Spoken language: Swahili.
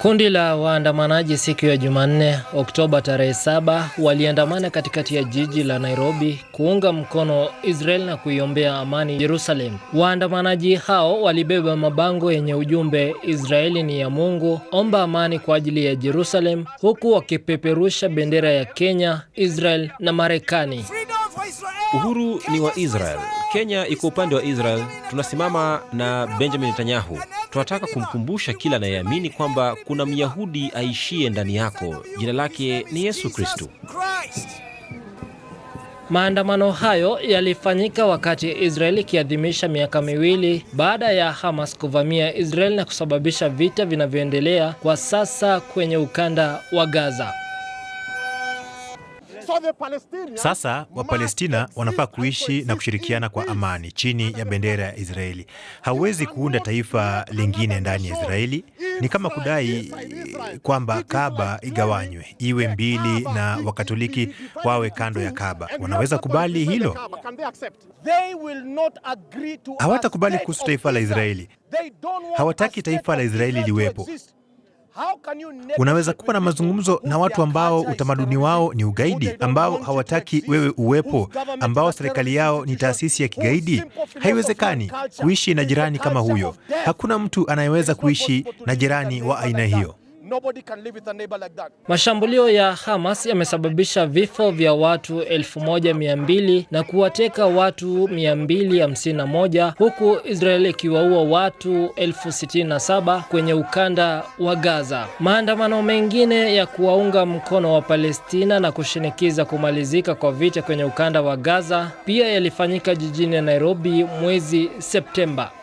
Kundi la waandamanaji siku ya Jumanne, Oktoba tarehe 7, waliandamana katikati ya jiji la Nairobi kuunga mkono Israel na kuiombea amani jerusalem Waandamanaji hao walibeba mabango yenye ujumbe Israeli ni ya Mungu, omba amani kwa ajili ya Jerusalem, huku wakipeperusha bendera ya Kenya, Israel na Marekani. Uhuru ni wa Israel. Kenya iko upande wa Israel. Tunasimama na Benjamin Netanyahu. Tunataka kumkumbusha kila anayeamini kwamba kuna Myahudi aishie ndani yako, jina lake ni Yesu kristu Maandamano hayo yalifanyika wakati Israel ikiadhimisha miaka miwili baada ya Hamas kuvamia Israel na kusababisha vita vinavyoendelea kwa sasa kwenye ukanda wa Gaza. Sasa Wapalestina wanafaa kuishi na kushirikiana kwa amani chini ya bendera ya Israeli. Hauwezi kuunda taifa lingine ndani ya Israeli. Ni kama kudai kwamba kaba igawanywe iwe mbili na Wakatoliki wawe kando ya kaba Wanaweza kubali hilo? Hawatakubali kuhusu taifa la Israeli. Hawataki taifa la Israeli liwepo. Unaweza kuwa na mazungumzo na watu ambao utamaduni wao ni ugaidi, ambao hawataki wewe uwepo, ambao serikali yao ni taasisi ya kigaidi? Haiwezekani kuishi na jirani kama huyo. Hakuna mtu anayeweza kuishi na jirani wa aina hiyo. Nobody can live with a neighbor like that. Mashambulio ya Hamas yamesababisha vifo vya watu 1200 na kuwateka watu 251 huku Israel ikiwaua watu 67 kwenye ukanda wa Gaza. Maandamano mengine ya kuwaunga mkono wa Palestina na kushinikiza kumalizika kwa vita kwenye ukanda wa Gaza pia yalifanyika jijini Nairobi mwezi Septemba.